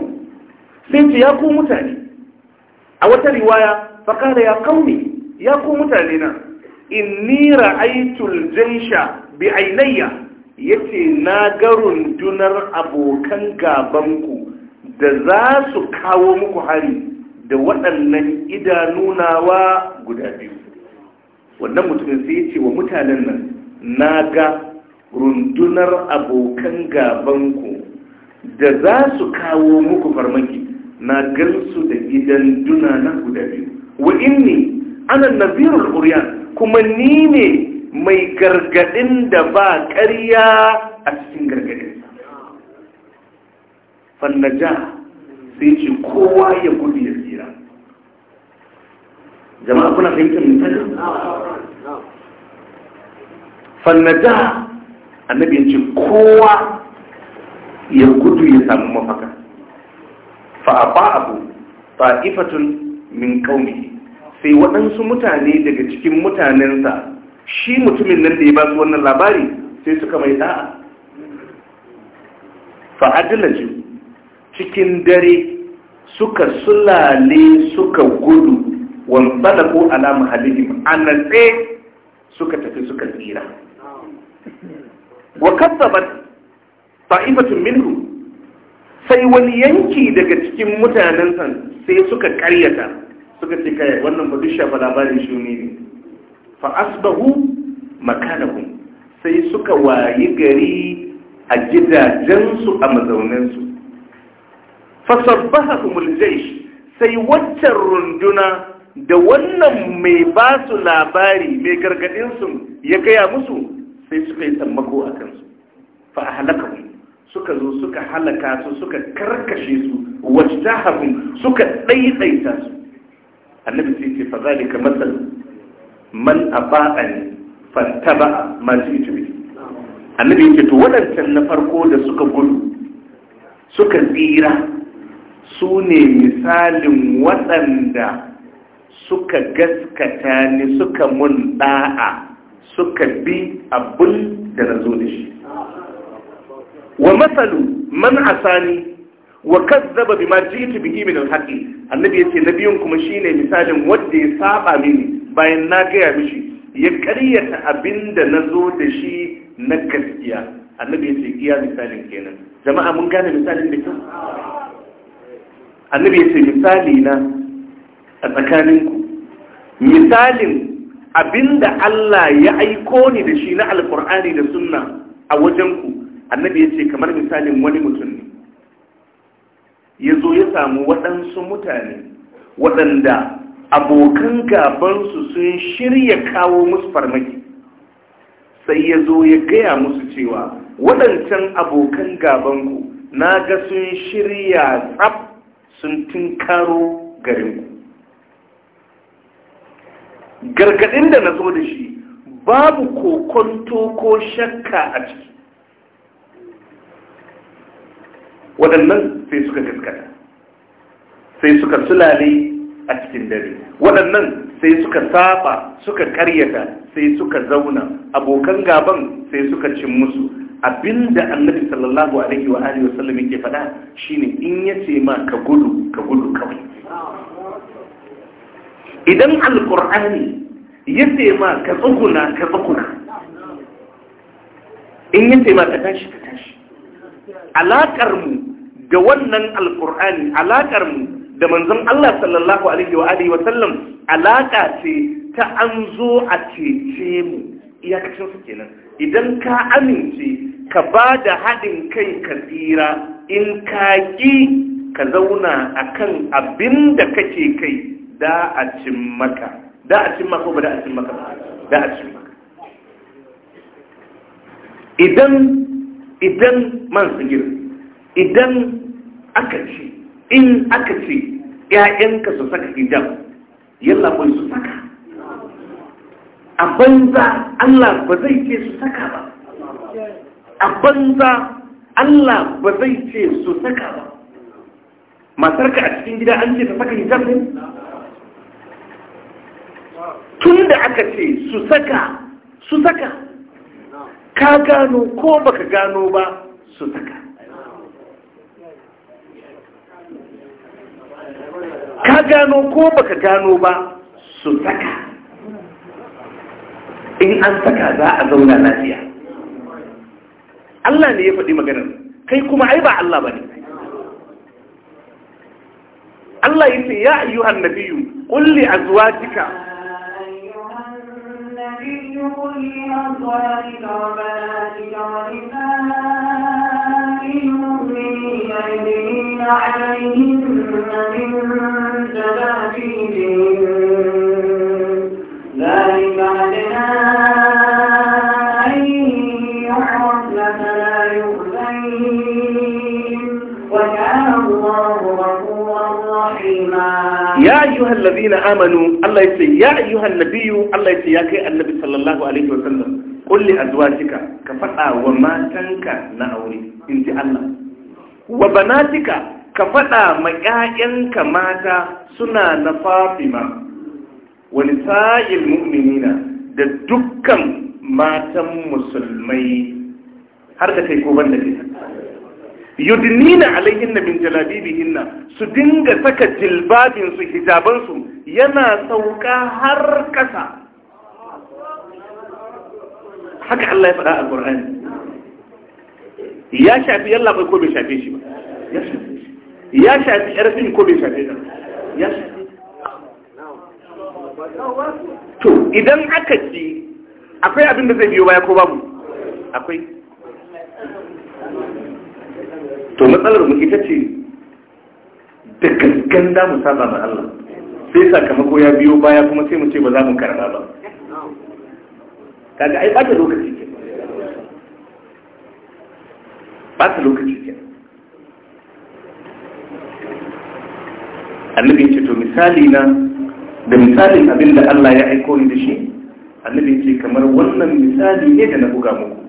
Speaker 1: sai ce ya ku mutane a wata riwaya fakala ya kauni ya ku mutane na inni ra'aitul jaysha bi ya yace na ga rundunar abokan gabanku da za su kawo muku hari da waɗannan idanunawa guda biyu wannan mutumin sai ya ce wa mutanen nan na ga rundunar abokan gabanku da za su kawo muku farmaki na gansu da idan duna na guda biyu wa inni ana nazirul uriyan kuma ni ne mai gargadin da ba ƙarya a cikin sa. fannaja sai ce kowa ya gudu ya tsira jama'a kuna fahimtar misali fannaja annabi ya ce kowa ya gudu ya samu mafaka ba abu fa'ifatun min kaunihi sai waɗansu mutane daga cikin mutanensa shi mutumin nan da ya ba su wannan labari sai suka mai da'a fa'adilaju cikin dare suka sulale suka gudu wanzana ko alama halihim a natse suka tafi suka tsira wa kasabat fa'ibatun minhu sai wani yanki daga cikin mutanen sai suka karyata suka ce kai wannan ba duk shafa labarin shi ne fa asbahu makanahum sai suka wayi gari a gidajensu a mazauninsu fasabbahahumul jaysh sai waccan runduna da wannan mai ba su labari mai gargadinsu ya gaya musu sai suka yi sammako a kansu fa a suka zo suka halaka su suka karkashe su wacce ta suka ɗaiɗaita su annabi sai ce fa zalika masal man aba'ani fattaba ma jitu bi annabi yake to wadancan na farko da suka gudu suka tsira su ne misalin waɗanda suka gaskata ni suka mun ɗa'a, suka bi abun da na zo da shi wa matsalu man a Sani. wa kazzaba bima jitu bihi min al-haqi annabi yace na biyun kuma shine misalin wanda ya saba mini bayan na gaya mishi ya ƙaryata abinda nazo da shi na gaskiya annabi yace iya misalin kenan jama'a mun gane misalin da kyau annabi yace misali na a tsakaninku misalin abinda Allah ya aiko ni da shi na alkur'ani da sunna a wajen ku annabi yace kamar misalin wani mutum ne ya zo ya samu waɗansu mutane waɗanda abokan gabansu sun shirya kawo musu farmaki sai ya zo ya gaya musu cewa waɗancan abokan gabanku na ga sun shirya tsab sun tinkaro garinku gargaɗin da na zo da shi babu kokonto ko shakka a ciki waɗannan sai suka gaskata sai suka sulale a cikin dare waɗannan sai suka saba suka karyata sai suka zauna abokan gaban sai suka cin musu abinda annabi sallallahu alaihi wa alihi wasallam yake faɗa shine in yace ma ka gudu ka gudu kawai idan alqur'ani yace ma ka tsuguna ka tsuguna in yace ma ka tashi ka tashi alaƙar mu ga wannan alkur'ani alaƙar mu da manzon Allah sallallahu alaihi wa alihi wa sallam alaƙa ce ta an zo a cece mu iyakacin su kenan idan ka amince ka ba da haɗin kai ka tsira in ka ƙi ka zauna akan abin da kake kai da a cin maka da a cin maka ba da a cin maka da a cin maka idan idan man sigir idan aka ce in aka ce ‘ya'yanka su saka hijab yalla mai su saka a banza Allah ba zai ce su saka ba a banza Allah ba zai ce su saka ba matarka a cikin gida an ce ta saka hijab ne tun da aka ce su saka su saka ka gano ko baka gano ba su saka ka gano ko baka gano ba su saka in an saka za a zauna lafiya Allah ne ya faɗi maganar kai kuma ai ba Allah ba ne Allah ya ce ya ayyuhan nabiyu kulli azwajika
Speaker 2: kulli azwajika wa وبناتك wa يا أيها
Speaker 1: الذين آمنوا الله يسي يا أيها النبي الله يسي يا النبي صلى الله عليه وسلم قل لأزواجك كفتا وما تنك نأوري انت الله wa banatika ka faɗa ma ‘ya'yanka mata suna na fafima wani sa'il mu'minina da dukkan matan musulmai har da kai ko ban da ita yudnina alaihin na bin jalabibihin su dinga saka jilbabinsu hijabansu yana sauka har ƙasa haka Allah ya faɗa a ƙur'ani ya shafi yalla bai ko bai shafe shi ba ya shafi yar fim ko bai shafe ba ya shafi to idan aka ji akwai abin da zai biyo baya ko babu akwai to matsalar mu ita ce da gangan da mu saba ma Allah sai sakamako ya biyo baya kuma sai mu ce ba za mu karba ba kaga ai ba ta lokaci ke ba ta lokaci ke annabi ce to misali na da misalin abin da Allah ya aiko ni da shi annabi ce kamar wannan misali ne da na buga muku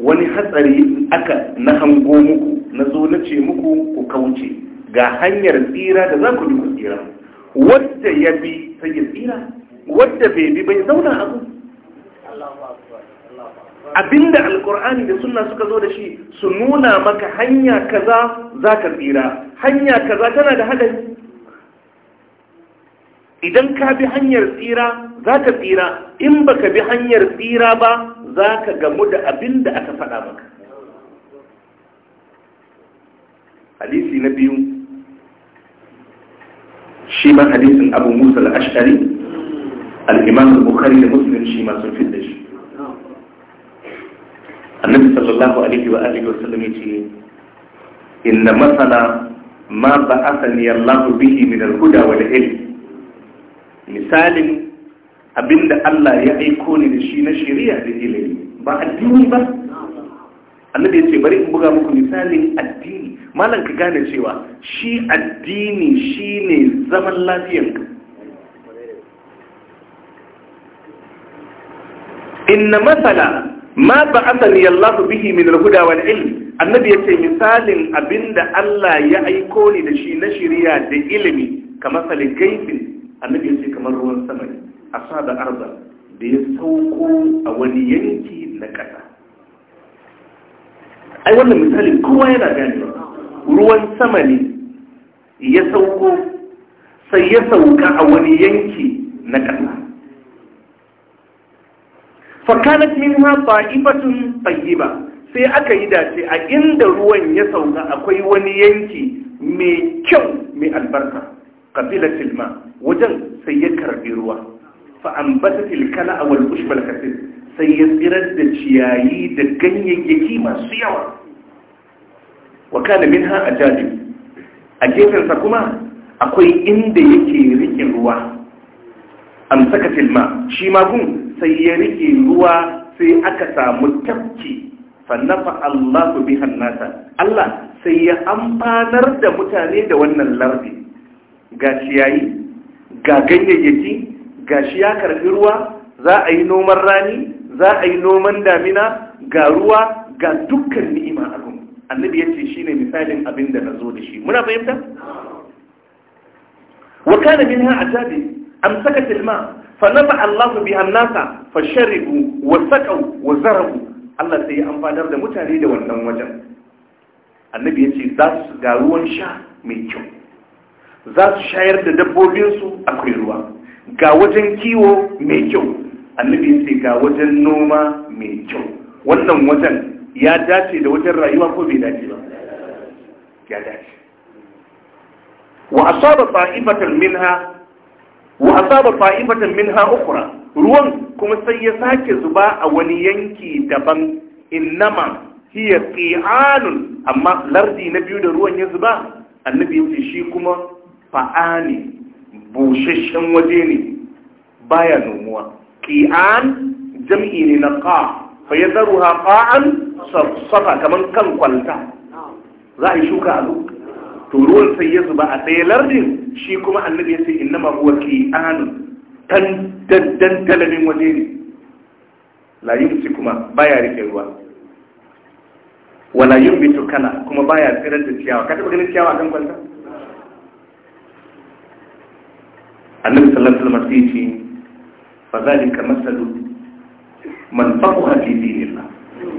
Speaker 1: wani hatsari aka na hango muku na zo na ce muku ku kauce ga hanyar tsira da za ku duka tsira wadda ya bi sai ya tsira wadda bai bi bai zauna abu abinda alkur'ani da suna suka zo da shi su nuna maka hanya kaza za ka tsira hanya kaza tana da haɗari idan ka bi hanyar tsira za ka tsira in baka bi hanyar tsira ba za ka gamu da abinda aka faɗa maka hadisi na biyu shi ma hadisin abu musa al-ashari al-imam da muslim shi ma sun fi da shi annabi sallallahu alaihi wa alihi wa sallam yace inna masala ma ba'athani Allahu bihi min al-huda wal ilm misalin abinda Allah ya aiko ni da shi na shari'a da ilimi ba addini ba annabi yace bari in buga muku misalin addini malam ka gane cewa shi addini shine zaman lafiyar. inna masala ma ba asani Allah bihi min alhuda huda wal ilm annabi yace misalin abinda Allah ya aiko ni da shi na shiriya da ilimi kamar salin gaifin annabi yace kamar ruwan sama ne asaba arda da ya sauko a wani yanki na kasa ai wannan misalin kowa yana gani ruwan sama ne ya sauko sai ya sauka a wani yanki na kasa fakanat minha ta'ifatun tayyiba sai aka yi dace a inda ruwan ya sauka akwai wani yanki mai kyau mai albarka kabila tilma wajen sai ya karbi ruwa Fa fa'ambata tilkala a walƙushbal kasir sai ya tsirar da ciyayi da ganyayyaki masu yawa kana minha ha a jajin a gefensa kuma akwai inda yake rike ruwa saka filma shi magun sai ya rike ruwa sai aka samu tafki fannafa Allah su bihan nasa Allah sai ya amfanar da mutane da wannan lardi ga ciyayi ga ganyayyaki ga shi ya karfi ruwa za a yi noman rani za a yi noman damina ga ruwa ga dukkan ni'ima a annabi ya ce shi ne misalin abin da na zo da shi muna fahimta? wa kana min ha a jabi amsakat alma fa nafa Allahu biha an-nasa fa sharibu wa saqaw wa zarabu Allah sai ya amfanar da mutane da wannan wajen annabi yace za su ga ruwan sha mai kyau za su shayar da dabbobinsu akwai ruwa ga wajen kiwo mai kyau annabi sai ga wajen noma mai kyau wannan wajen ya dace da wajen rayuwa ko bai dace ba ya dace wa asaba fa'imatul minha wa asaba fa'ifatan minha ukhra ruwan kuma sai ya sake zuba a wani yanki daban innama hiya qi'anun amma lardi na biyu da ruwan ya zuba annabi yace shi kuma fa'ani bushashen waje ne baya nomuwa qi'an jam'i ne na qa fa yadruha qa'an safa kaman kan kwalta za a yi shuka a lokacin to ruwan sai ya zuba a ɗaya lardin shi kuma annabi ya sai inna ma ke anu tan dan talamin waje ne layin su kuma baya rike ruwa wala bitu kana kuma baya tsirar da ciyawa ka taɓa ganin ciyawa a kan kwanta annabi sallallahu alaihi wasallam sai ce fa zalika masalu man faqaha fi dinillah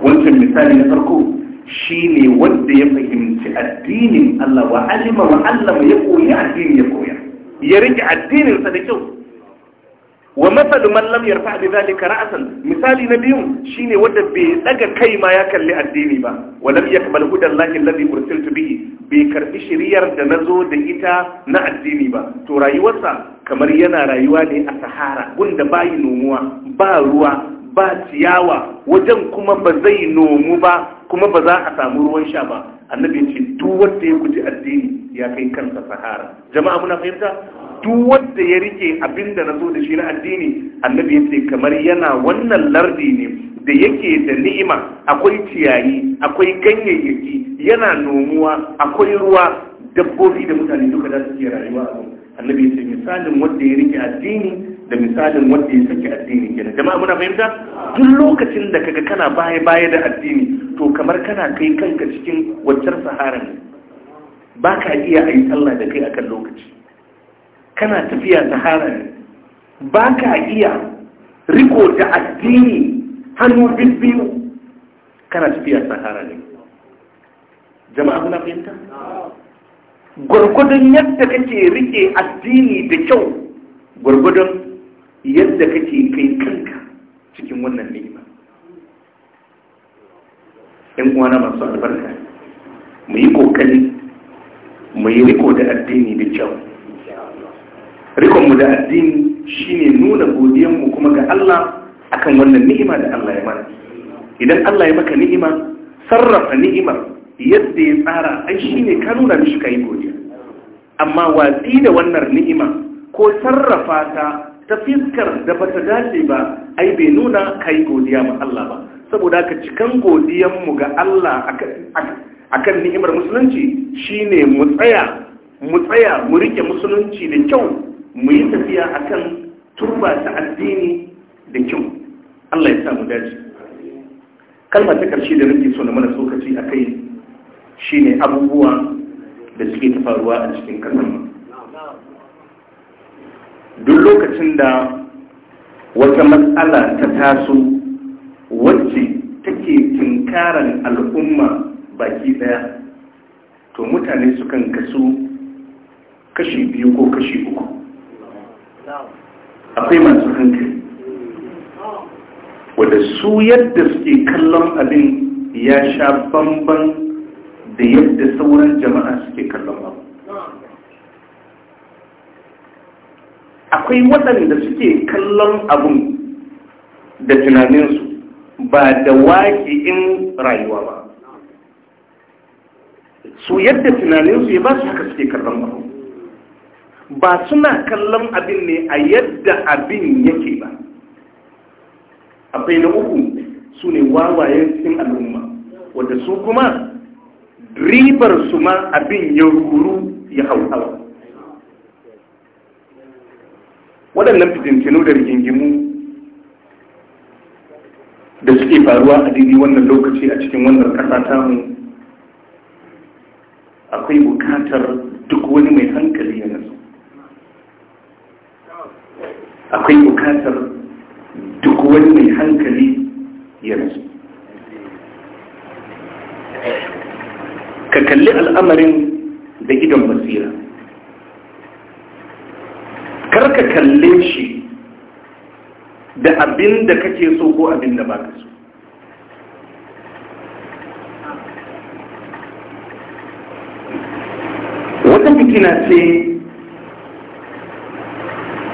Speaker 1: wancan misali na farko shi ne wanda ya fahimci addinin Allah wa alima wa ya koya addinin ya koya ya rike addininsa da kyau wa matsalu man lam yarfa bi zalika ra'asan, misali na biyu shine wanda bai daga kai ma ya kalli addini ba wa lam yakbal hudallahi alladhi ursiltu bihi bai karɓi shiriyar da nazo da ita na addini ba to rayuwarsa kamar yana rayuwa ne a sahara gunda bayi nomuwa ba ruwa ba ciyawa wajen kuma ba zai nomu ba kuma ba za a samu ruwan sha ba annabi ce duk wanda ya guji addini ya kai kansa sahara jama'a muna fahimta duk wanda ya rike abin da na da shi na addini annabi ya ce kamar yana wannan lardi ne da yake da ni'ima akwai ciyayi akwai ganyayyaki yana nomuwa akwai ruwa dabbobi da mutane duka da suke rayuwa annabi ya ce misalin wanda ya rike addini da misalin wanda ya saki addini kenan jama'a muna fahimta duk lokacin da kaga kana baya baya da addini to kamar kana kai kanka cikin waccan sahara ne ba ka iya a yi sallah da kai akan lokaci kana tafiya sahara ne ba ka iya riko da addini hannu biyu kana tafiya sahara ne jama'a muna fahimta gwargwadon yadda kake rike addini da kyau gwargwadon yadda kake kai kanka cikin wannan ni'ima in uwana masu albarka mu yi kokari mu yi riko da addini da kyau rikonmu da addini shine nuna godiyanmu kuma ga Allah akan wannan ni'ima da Allah ya mana idan Allah ya maka ni'ima sarrafa ni'imar yadda ya tsara ai shine ka nuna mishi kai godiya amma watsi da wannan ni'ima ko sarrafa ta ta fiskar da ta dace ba ai bai nuna kai godiya ma Allah ba saboda ka cikan godiyan mu ga Allah akan ni'imar musulunci shine mu tsaya mu tsaya mu rike musulunci da kyau mu yi tafiya akan turba ta addini da kyau Allah ya mu dace kalma ta karshe da nake so na mana tsokaci akai shine abubuwa da suke tafaruwa a cikin kasar duk lokacin da wata matsala ta taso wacce take tinkaran al'umma baki daya to mutane sukan kasu kashi biyu ko kashi uku akwai masu hankali wadda su yadda suke kallon abin ya sha bamban da yadda sauran jama'a suke kallon abu akwai waɗanda suke kallon abun da tunaninsu ba da in rayuwa ba su yadda tunaninsu ya ba su haka suke kallon abin ba suna kallon abin ne a yadda abin yake ba akwai na uku su ne wawayen cikin al'umma wadda su kuma ribar su ma abin ya ruru ya hau hawa waɗannan fitintinu da rigingimu da suke faruwa a daidai wannan lokaci a cikin wannan ƙasa tamu akwai bukatar duk wani mai hankali ya nasu akwai bukatar duk wani mai hankali ya nasu ka kalli al'amarin da idon basira karka kalle shi da abin da kake so ko abin da ba ka so wata fitina ce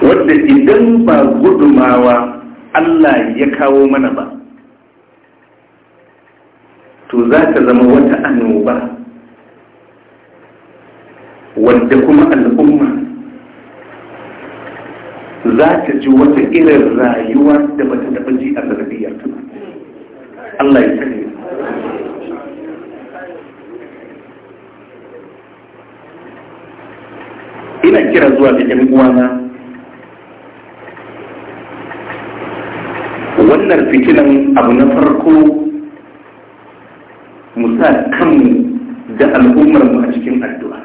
Speaker 1: wadda idan ba gudumawa Allah ya kawo mana ba to za ta zama wata annoba wadda kuma al'umma za ta ji wata irin rayuwa da bata taɓa ji a sanadiyar ta Allah ya sani ina kira zuwa da ɗan uwana wannan fitilan abu na farko musa sa kanmu da al'ummar mu a cikin addu'a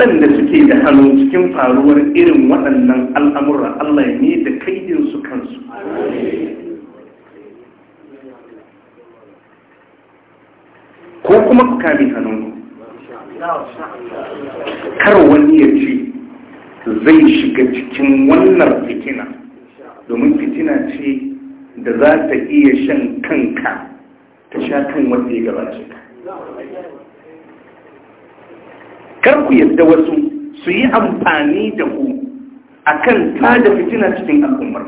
Speaker 1: waɗanda suke da hannu cikin faruwar irin waɗannan al'amura Allah ne da kaidinsu kansu
Speaker 3: ko kuma ku kame hannu?
Speaker 1: kar wani ya ce zai shiga cikin wannan fitina domin fitina ce da za ta iya shan kanka ta sha kan wanda ya gabace kar ku yadda wasu su yi amfani da ku a ta tada fitina cikin al'ummar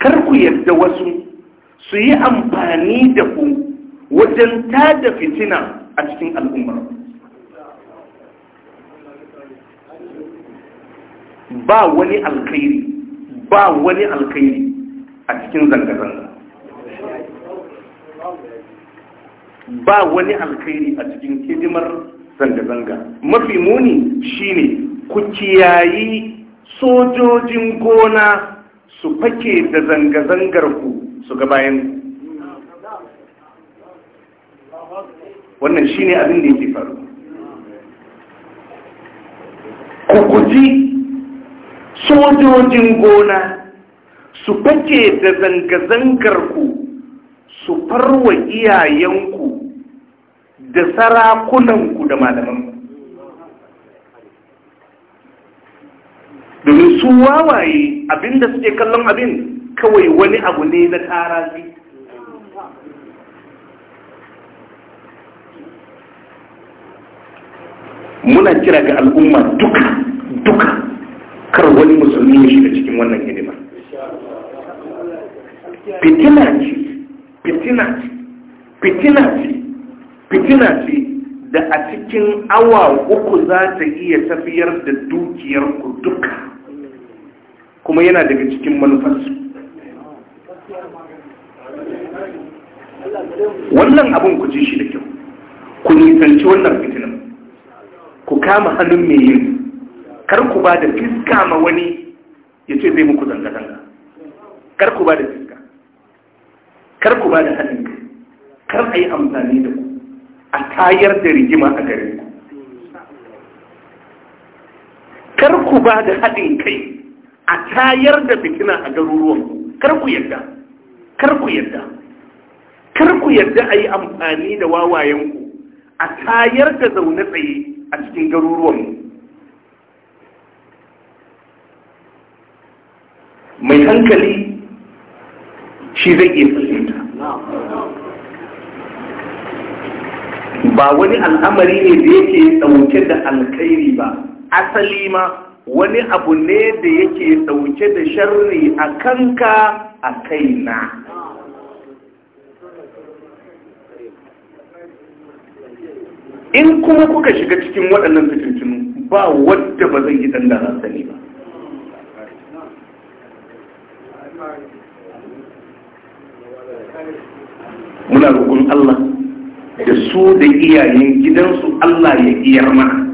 Speaker 1: kar ku yadda wasu su yi amfani da ku wajen tada fitina a cikin al'ummar ba wani alkhairi ba wani alkhairi a cikin zanga-zanga ba wani alkhairi a cikin hidimar zanga-zanga mafi muni shine ku kiyayi sojojin gona su fake da zanga-zangar ku su ga bayan wannan shine abin da yake faru ku guji sojojin gona su fake da zanga-zangar ku su farwa iyayenku da sarakunanku da malamanku domin su wawaye abinda suke kallon abin kawai wani abu ne na tarazi muna kira ga al'umma duka duka kar wani musulmi ya shiga cikin wannan hidima fitina ce fitina ce fitina ce fitina ce da a cikin awa uku za ta iya tafiyar da dukiyar ku duka kuma yana daga cikin manufarsu wannan abin ku ji shi da kyau ku nisanci wannan fitinan ku kama hannun mai yin kar ku ba da fiska ma wani ya ce zai muku zanga-zanga kar ku ba da fiska kar ku ba da hannun kar a yi amfani da ku a tayar da rigima a garin kar ku ba da haɗin kai a tayar da fitina a garuruwan kar yadda kar ku yadda kar yadda a yi amfani da wawayenku a tayar da zaune tsaye a cikin garuruwan mai hankali shi zai iya fahimta ba wani al'amari ne da yake ɗauke da alkhairi ba asali ma wani abu ne da yake ɗauke da sharri a kanka a kaina in kuma kuka shiga cikin waɗannan fitintunu ba wadda ba zai yi ɗan da ba muna rukun Allah da su da iyayen gidansu Allah ya iyar mana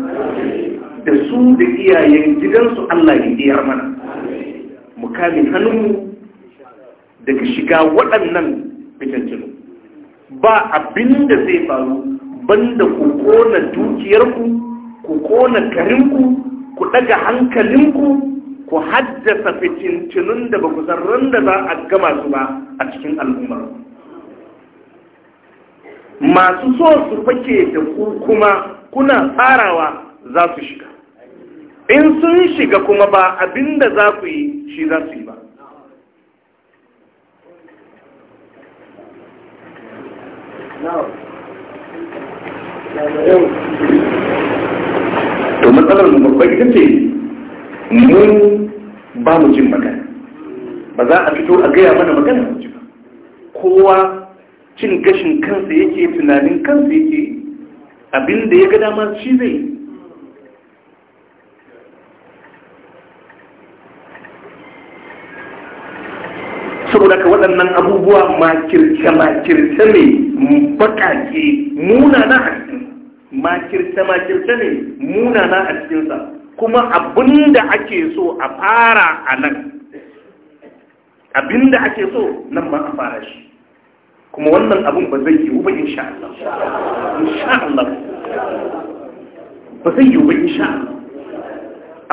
Speaker 1: da su da iyayen gidansu Allah ya iyar mana mukamin hannunmu daga shiga waɗannan fitancinu ba abin da zai faru banda ku kona dukiyarku ku kona karinku ku ɗaga hankalinku ku haddasa fitintunun da ba ku san da za a gama su ba a cikin al'ummar masu so su fake da ku kuma kuna tsarawa za su shiga in sun shiga kuma ba abinda za ku yi shi za su yi ba to matsalar mu babban ita ce mun ba mu jin magana ba za a fito a gaya mana magana mu ji ba kowa cin gashin kansa yake tunanin kansa yake abinda ya ga damar shi zai saboda ka waɗannan abubuwa makirce-makirce ne baƙaƙe munana a cikinsa makirce-makirce ne na a cikinsa kuma abinda ake so a fara a nan abinda ake so nan ma a fara shi kuma wannan abin ba zai yiwu ba insha Allah insha Allah ba zai yiwu ba insha Allah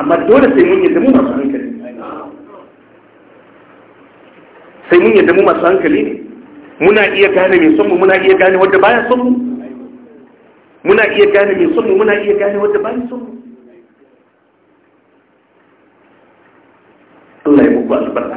Speaker 1: amma dole sai mun yadda mu masu hankali sai mun yadda mu masu hankali muna iya gane mai son muna iya gane wanda baya son muna iya gane mai son muna iya gane wanda baya son Allah ya muku albarka